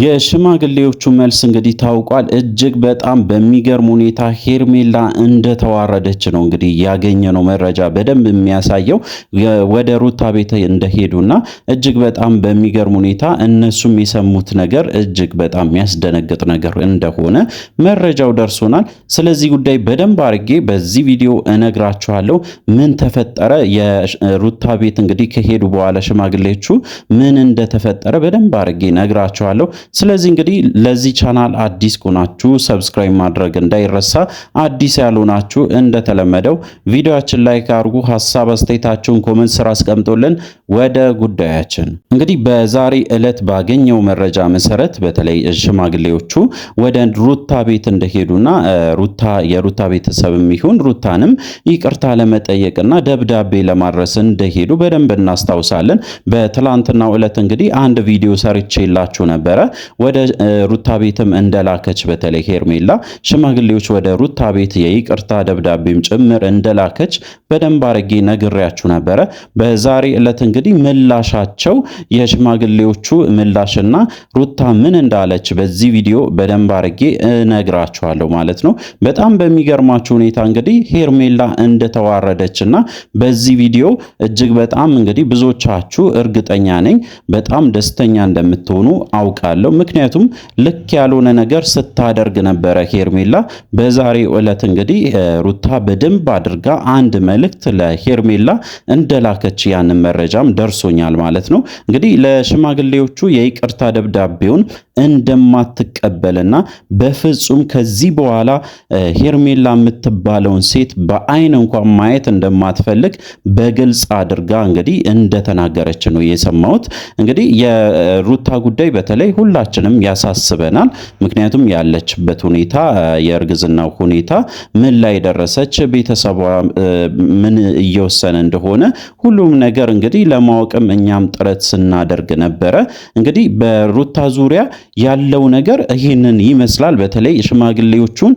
የሽማግሌዎቹ መልስ እንግዲህ ታውቋል። እጅግ በጣም በሚገርም ሁኔታ ሄርሜላ እንደተዋረደች ነው እንግዲህ ያገኘነው መረጃ በደንብ የሚያሳየው ወደ ሩታ ቤት እንደሄዱና እጅግ በጣም በሚገርም ሁኔታ እነሱም የሰሙት ነገር እጅግ በጣም የሚያስደነግጥ ነገር እንደሆነ መረጃው ደርሶናል። ስለዚህ ጉዳይ በደንብ አድርጌ በዚህ ቪዲዮ እነግራችኋለሁ። ምን ተፈጠረ፣ የሩታ ቤት እንግዲህ ከሄዱ በኋላ ሽማግሌዎቹ ምን እንደተፈጠረ በደንብ አድርጌ እነግራችኋለሁ። ስለዚህ እንግዲህ ለዚህ ቻናል አዲስ ከሆናችሁ ሰብስክራይብ ማድረግ እንዳይረሳ። አዲስ ያልሆናችሁ እንደተለመደው ቪዲዮአችን ላይ አድርጉ፣ ሀሳብ አስተያየታችሁን ኮመንት ስራ አስቀምጦልን ወደ ጉዳያችን እንግዲህ በዛሬ ዕለት ባገኘው መረጃ መሰረት በተለይ ሽማግሌዎቹ ወደ ሩታ ቤት እንደሄዱና ሩታ የሩታ ቤተሰብም ይሁን ሩታንም ይቅርታ ለመጠየቅና ደብዳቤ ለማድረስ እንደሄዱ በደንብ እናስታውሳለን። በትላንትናው ዕለት እንግዲህ አንድ ቪዲዮ ሰርቼላችሁ ነበረ። ወደ ሩታ ቤትም እንደላከች በተለይ ሄርሜላ ሽማግሌዎች ወደ ሩታ ቤት የይቅርታ ደብዳቤም ጭምር እንደላከች በደንብ አርጌ ነግሬያችሁ ነበረ። በዛሬ ዕለት እንግዲህ ምላሻቸው የሽማግሌዎቹ ምላሽና ሩታ ምን እንዳለች በዚህ ቪዲዮ በደንብ አርጌ እነግራችኋለሁ ማለት ነው። በጣም በሚገርማችሁ ሁኔታ እንግዲህ ሄርሜላ እንደተዋረደች እና በዚህ ቪዲዮ እጅግ በጣም እንግዲህ ብዙዎቻችሁ እርግጠኛ ነኝ በጣም ደስተኛ እንደምትሆኑ አውቃለሁ። እላለሁ። ምክንያቱም ልክ ያልሆነ ነገር ስታደርግ ነበረ ሄርሜላ። በዛሬው ዕለት እንግዲህ ሩታ በደንብ አድርጋ አንድ መልእክት ለሄርሜላ እንደላከች ያንን መረጃም ደርሶኛል ማለት ነው። እንግዲህ ለሽማግሌዎቹ የይቅርታ ደብዳቤውን እንደማትቀበልና በፍጹም ከዚህ በኋላ ሄርሜላ የምትባለውን ሴት በአይን እንኳን ማየት እንደማትፈልግ በግልጽ አድርጋ እንግዲህ እንደተናገረች ነው የሰማሁት። እንግዲህ የሩታ ጉዳይ በተለይ ሁላችንም ያሳስበናል። ምክንያቱም ያለችበት ሁኔታ የእርግዝናው ሁኔታ ምን ላይ ደረሰች፣ ቤተሰቧ ምን እየወሰነ እንደሆነ ሁሉም ነገር እንግዲህ ለማወቅም እኛም ጥረት ስናደርግ ነበረ። እንግዲህ በሩታ ዙሪያ ያለው ነገር ይህንን ይመስላል። በተለይ ሽማግሌዎቹን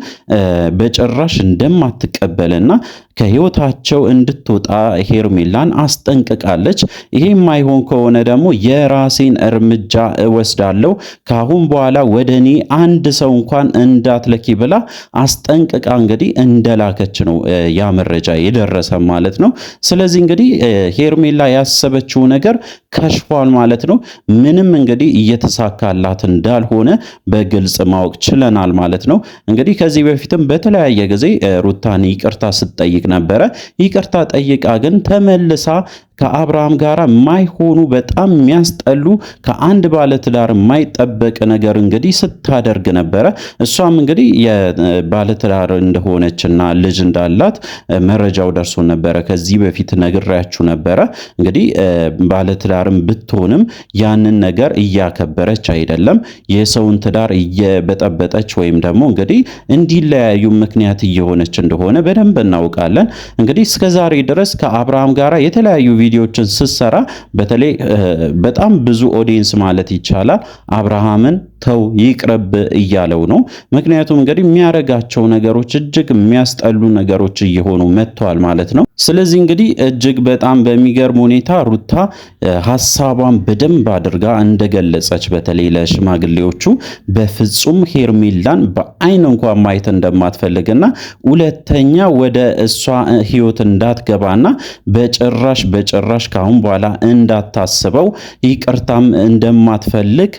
በጭራሽ እንደማትቀበልና ከህይወታቸው እንድትወጣ ሄርሜላን አስጠንቅቃለች። ይሄ የማይሆን ከሆነ ደግሞ የራሴን እርምጃ እወስዳለሁ፣ ከአሁን በኋላ ወደ እኔ አንድ ሰው እንኳን እንዳትለኪ ብላ አስጠንቅቃ እንግዲህ እንደላከች ነው ያ መረጃ የደረሰ ማለት ነው። ስለዚህ እንግዲህ ሄርሜላ ያሰበችው ነገር ከሽፏል ማለት ነው። ምንም እንግዲህ እየተሳካላት እንዳልሆነ በግልጽ ማወቅ ችለናል ማለት ነው። እንግዲህ ከዚህ በፊትም በተለያየ ጊዜ ሩታን ይቅርታ ስትጠይቅ ነበረ። ይቅርታ ጠይቃ ግን ተመልሳ ከአብርሃም ጋር የማይሆኑ በጣም የሚያስጠሉ ከአንድ ባለትዳር የማይጠበቅ ነገር እንግዲህ ስታደርግ ነበረ። እሷም እንግዲህ የባለትዳር እንደሆነችና ልጅ እንዳላት መረጃው ደርሶ ነበረ። ከዚህ በፊት ነግሬያችሁ ነበረ። እንግዲህ ባለትዳርም ብትሆንም ያንን ነገር እያከበረች አይደለም፣ የሰውን ትዳር እየበጠበጠች ወይም ደግሞ እንግዲህ እንዲለያዩ ምክንያት እየሆነች እንደሆነ በደንብ እናውቃለን። እንግዲህ እስከዛሬ ድረስ ከአብርሃም ጋር የተለያዩ ቪዲዮዎችን ስትሰራ በተለይ በጣም ብዙ ኦዲየንስ ማለት ይቻላል አብርሃምን ተው ይቅረብ እያለው ነው። ምክንያቱም እንግዲህ የሚያረጋቸው ነገሮች እጅግ የሚያስጠሉ ነገሮች እየሆኑ መጥተዋል ማለት ነው። ስለዚህ እንግዲህ እጅግ በጣም በሚገርም ሁኔታ ሩታ ሀሳቧን በደንብ አድርጋ እንደገለጸች በተለይ ለሽማግሌዎቹ በፍጹም ሄርሜላን በአይን እንኳን ማየት እንደማትፈልግና ሁለተኛ ወደ እሷ ህይወት እንዳትገባና በጭራሽ በጭራሽ ካሁን በኋላ እንዳታስበው ይቅርታም እንደማትፈልግ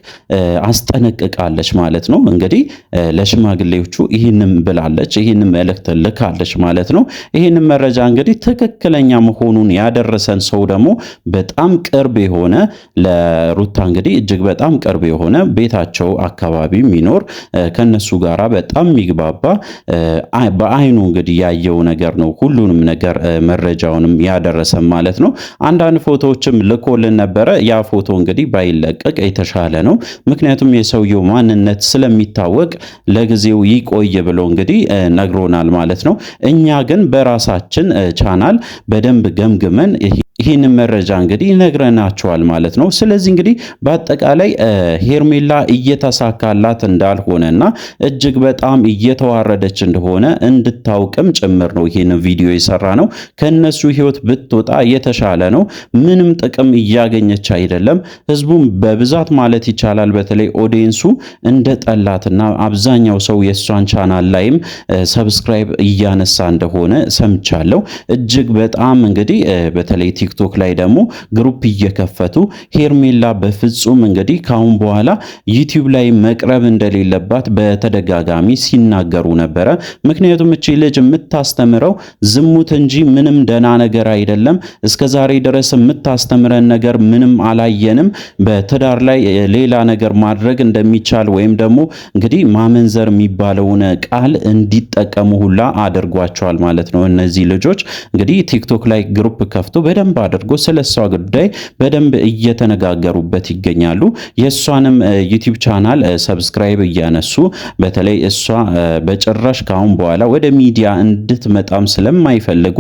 አስጠነ ጠነቅቃለች ማለት ነው። እንግዲህ ለሽማግሌዎቹ ይህንም ብላለች፣ ይህንም መልእክት ልካለች ማለት ነው። ይህንም መረጃ እንግዲህ ትክክለኛ መሆኑን ያደረሰን ሰው ደግሞ በጣም ቅርብ የሆነ ለሩታ እንግዲህ እጅግ በጣም ቅርብ የሆነ ቤታቸው አካባቢ የሚኖር ከነሱ ጋራ በጣም የሚግባባ በአይኑ እንግዲህ ያየው ነገር ነው ሁሉንም ነገር መረጃውንም ያደረሰን ማለት ነው። አንዳንድ ፎቶዎችም ልኮልን ነበረ። ያ ፎቶ እንግዲህ ባይለቀቅ የተሻለ ነው። ምክንያቱም የሰው የሰውየው ማንነት ስለሚታወቅ ለጊዜው ይቆይ ብሎ እንግዲህ ነግሮናል ማለት ነው። እኛ ግን በራሳችን ቻናል በደንብ ገምግመን ይህንን መረጃ እንግዲህ ይነግረናቸዋል ማለት ነው። ስለዚህ እንግዲህ በአጠቃላይ ሄርሜላ እየተሳካላት እንዳልሆነና እጅግ በጣም እየተዋረደች እንደሆነ እንድታውቅም ጭምር ነው ይህን ቪዲዮ የሰራ ነው። ከነሱ ህይወት ብትወጣ የተሻለ ነው። ምንም ጥቅም እያገኘች አይደለም። ህዝቡም በብዛት ማለት ይቻላል በተለይ ኦዲየንሱ እንደ ጠላትና አብዛኛው ሰው የእሷን ቻናል ላይም ሰብስክራይብ እያነሳ እንደሆነ ሰምቻለሁ። እጅግ በጣም እንግዲህ በተለይ ቲክቶክ ላይ ደግሞ ግሩፕ እየከፈቱ ሄርሜላ በፍጹም እንግዲህ ካሁን በኋላ ዩቲዩብ ላይ መቅረብ እንደሌለባት በተደጋጋሚ ሲናገሩ ነበረ። ምክንያቱም እቺ ልጅ የምታስተምረው ዝሙት እንጂ ምንም ደና ነገር አይደለም። እስከ ዛሬ ድረስ የምታስተምረን ነገር ምንም አላየንም። በትዳር ላይ ሌላ ነገር ማድረግ እንደሚቻል ወይም ደግሞ እንግዲህ ማመንዘር የሚባለውን ቃል እንዲጠቀሙ ሁላ አድርጓቸዋል ማለት ነው። እነዚህ ልጆች እንግዲህ ቲክቶክ ላይ ግሩፕ ከፍቶ በደንብ አድርጎ ስለ እሷ ጉዳይ በደንብ እየተነጋገሩበት ይገኛሉ። የእሷንም ዩቲዩብ ቻናል ሰብስክራይብ እያነሱ በተለይ እሷ በጭራሽ ካሁን በኋላ ወደ ሚዲያ እንድትመጣም ስለማይፈልጉ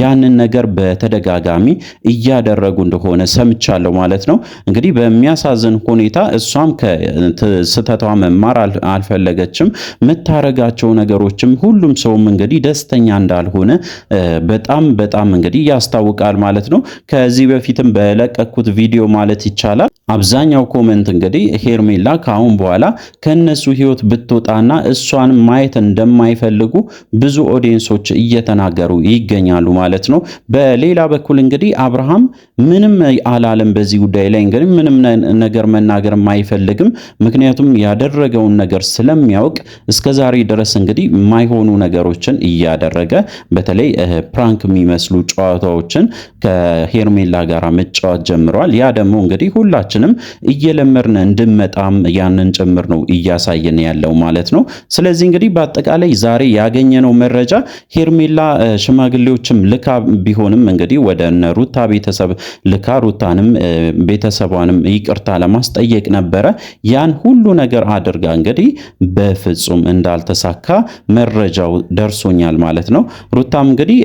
ያንን ነገር በተደጋጋሚ እያደረጉ እንደሆነ ሰምቻለሁ ማለት ነው። እንግዲህ በሚያሳዝን ሁኔታ እሷም ከስህተቷ መማር አልፈለገችም። የምታረጋቸው ነገሮችም ሁሉም ሰውም እንግዲህ ደስተኛ እንዳልሆነ በጣም በጣም እንግዲህ ያስታውቃል ማለት ነው። ከዚህ በፊትም በለቀኩት ቪዲዮ ማለት ይቻላል አብዛኛው ኮመንት እንግዲህ ሄርሜላ ከአሁን በኋላ ከነሱ ህይወት ብትወጣና እሷን ማየት እንደማይፈልጉ ብዙ ኦዲየንሶች እየተናገሩ ይገኛሉ ማለት ነው። በሌላ በኩል እንግዲህ አብርሃም ምንም አላለም። በዚህ ጉዳይ ላይ እንግዲህ ምንም ነገር መናገር አይፈልግም። ምክንያቱም ያደረገውን ነገር ስለሚያውቅ እስከዛሬ ድረስ እንግዲህ የማይሆኑ ነገሮችን እያደረገ በተለይ ፕራንክ የሚመስሉ ጨዋታዎችን ከሄርሜላ ጋር መጫወት ጀምረዋል። ያ ደግሞ እንግዲህ ሁላችን ሁላችንም እየለመድን እንድንመጣም ያንን ጭምር ነው እያሳየን ያለው ማለት ነው። ስለዚህ እንግዲህ በአጠቃላይ ዛሬ ያገኘነው መረጃ ሄርሜላ ሽማግሌዎችም ልካ ቢሆንም እንግዲህ ወደ እነ ሩታ ቤተሰብ ልካ ሩታንም ቤተሰቧንም ይቅርታ ለማስጠየቅ ነበረ። ያን ሁሉ ነገር አድርጋ እንግዲህ በፍጹም እንዳልተሳካ መረጃው ደርሶኛል ማለት ነው። ሩታም እንግዲህ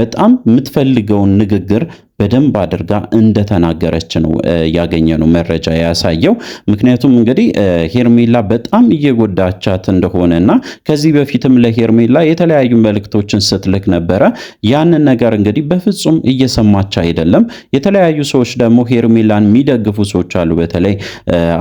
በጣም የምትፈልገውን ንግግር በደንብ አድርጋ እንደተናገረች ነው ያገኘነው መረጃ ያሳየው። ምክንያቱም እንግዲህ ሄርሜላ በጣም እየጎዳቻት እንደሆነ እና ከዚህ በፊትም ለሄርሜላ የተለያዩ መልእክቶችን ስትልክ ነበረ። ያንን ነገር እንግዲህ በፍጹም እየሰማች አይደለም። የተለያዩ ሰዎች ደግሞ ሄርሜላን የሚደግፉ ሰዎች አሉ። በተለይ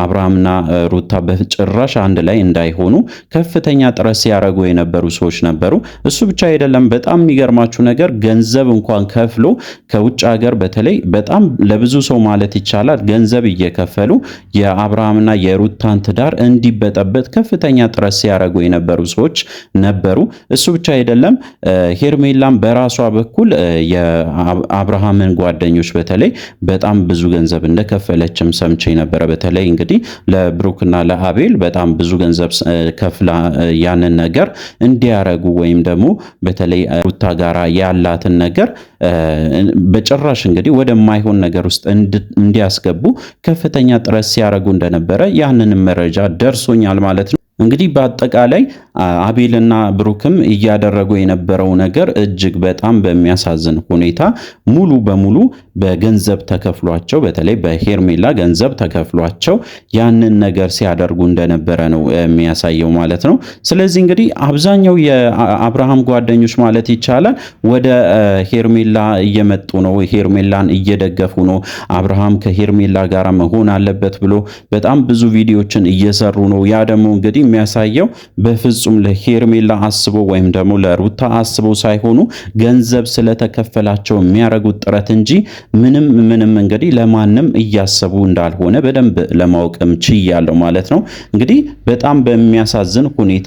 አብርሃምና ሩታ በጭራሽ አንድ ላይ እንዳይሆኑ ከፍተኛ ጥረት ሲያደርጉ የነበሩ ሰዎች ነበሩ። እሱ ብቻ አይደለም። በጣም የሚገርማችሁ ነገር ገንዘብ እንኳን ከፍሎ ከውጭ ሀገር ነገር በተለይ በጣም ለብዙ ሰው ማለት ይቻላል ገንዘብ እየከፈሉ የአብርሃምና የሩታን ትዳር እንዲበጠበት ከፍተኛ ጥረት ሲያደርጉ የነበሩ ሰዎች ነበሩ። እሱ ብቻ አይደለም። ሄርሜላም በራሷ በኩል የአብርሃምን ጓደኞች በተለይ በጣም ብዙ ገንዘብ እንደከፈለችም ሰምቼ ነበረ። በተለይ እንግዲህ ለብሩክና ለአቤል በጣም ብዙ ገንዘብ ከፍላ ያንን ነገር እንዲያረጉ ወይም ደግሞ በተለይ ሩታ ጋራ ያላትን ነገር በጭራሽ ጭራሽ እንግዲህ ወደማይሆን ነገር ውስጥ እንዲያስገቡ ከፍተኛ ጥረት ሲያደርጉ እንደነበረ ያንንም መረጃ ደርሶኛል ማለት ነው። እንግዲህ በአጠቃላይ አቤልና ብሩክም እያደረጉ የነበረው ነገር እጅግ በጣም በሚያሳዝን ሁኔታ ሙሉ በሙሉ በገንዘብ ተከፍሏቸው በተለይ በሄርሜላ ገንዘብ ተከፍሏቸው ያንን ነገር ሲያደርጉ እንደነበረ ነው የሚያሳየው ማለት ነው። ስለዚህ እንግዲህ አብዛኛው የአብርሃም ጓደኞች ማለት ይቻላል ወደ ሄርሜላ እየመጡ ነው፣ ሄርሜላን እየደገፉ ነው። አብርሃም ከሄርሜላ ጋር መሆን አለበት ብሎ በጣም ብዙ ቪዲዮችን እየሰሩ ነው። ያ ደግሞ እንግዲህ የሚያሳየው በፍጹም ለሄርሜላ አስበው ወይም ደግሞ ለሩታ አስበው ሳይሆኑ ገንዘብ ስለተከፈላቸው የሚያደርጉት ጥረት እንጂ ምንም ምንም እንግዲህ ለማንም እያሰቡ እንዳልሆነ በደንብ ለማወቅም ችያለው ማለት ነው። እንግዲህ በጣም በሚያሳዝን ሁኔታ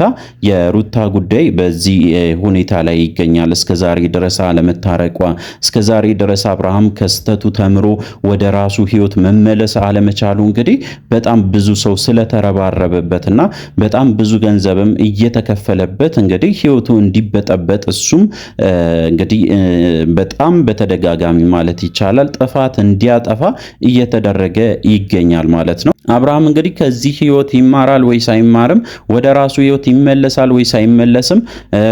የሩታ ጉዳይ በዚህ ሁኔታ ላይ ይገኛል። እስከዛሬ ድረስ አለመታረቋ፣ እስከዛሬ ድረስ አብርሃም ከስተቱ ተምሮ ወደ ራሱ ህይወት መመለስ አለመቻሉ እንግዲህ በጣም ብዙ ሰው ስለተረባረበበትና በጣም ብዙ ገንዘብም እየተከፈለበት እንግዲህ ህይወቱ እንዲበጠበጥ እሱም እንግዲህ በጣም በተደጋጋሚ ማለት ይቻላል ጥፋት እንዲያጠፋ እየተደረገ ይገኛል ማለት ነው። አብርሃም እንግዲህ ከዚህ ህይወት ይማራል ወይስ አይማርም? ወደ ራሱ ህይወት ይመለሳል ወይስ አይመለስም?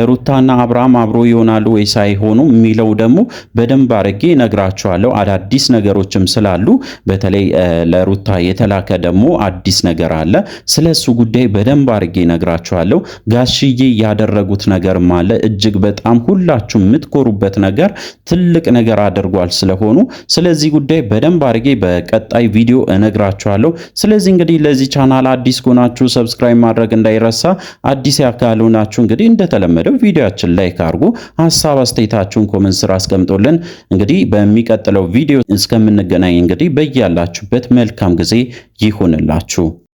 ሩታና አብርሃም አብሮ ይሆናሉ ወይስ ሳይሆኑ የሚለው ደግሞ በደንብ አድርጌ ነግራችኋለሁ። አዳዲስ ነገሮችም ስላሉ በተለይ ለሩታ የተላከ ደግሞ አዲስ ነገር አለ። ስለ እሱ ጉዳይ በደንብ በደንብ አርጌ ነግራችኋለሁ። ጋሽዬ ያደረጉት ነገርም አለ እጅግ በጣም ሁላችሁ የምትኮሩበት ነገር ትልቅ ነገር አድርጓል ስለሆኑ ስለዚህ ጉዳይ በደንብ አርጌ በቀጣይ ቪዲዮ እነግራችኋለሁ። ስለዚህ እንግዲህ ለዚህ ቻናል አዲስ ከሆናችሁ ሰብስክራይብ ማድረግ እንዳይረሳ፣ አዲስ ያካል እንግዲህ እንደተለመደው ቪዲዮአችን ላይክ አድርጉ፣ ሀሳብ አስተያየታችሁን ኮመንት ስራ አስቀምጦልን እንግዲህ በሚቀጥለው ቪዲዮ እስከምንገናኝ እንግዲህ በያላችሁበት መልካም ጊዜ ይሁንላችሁ።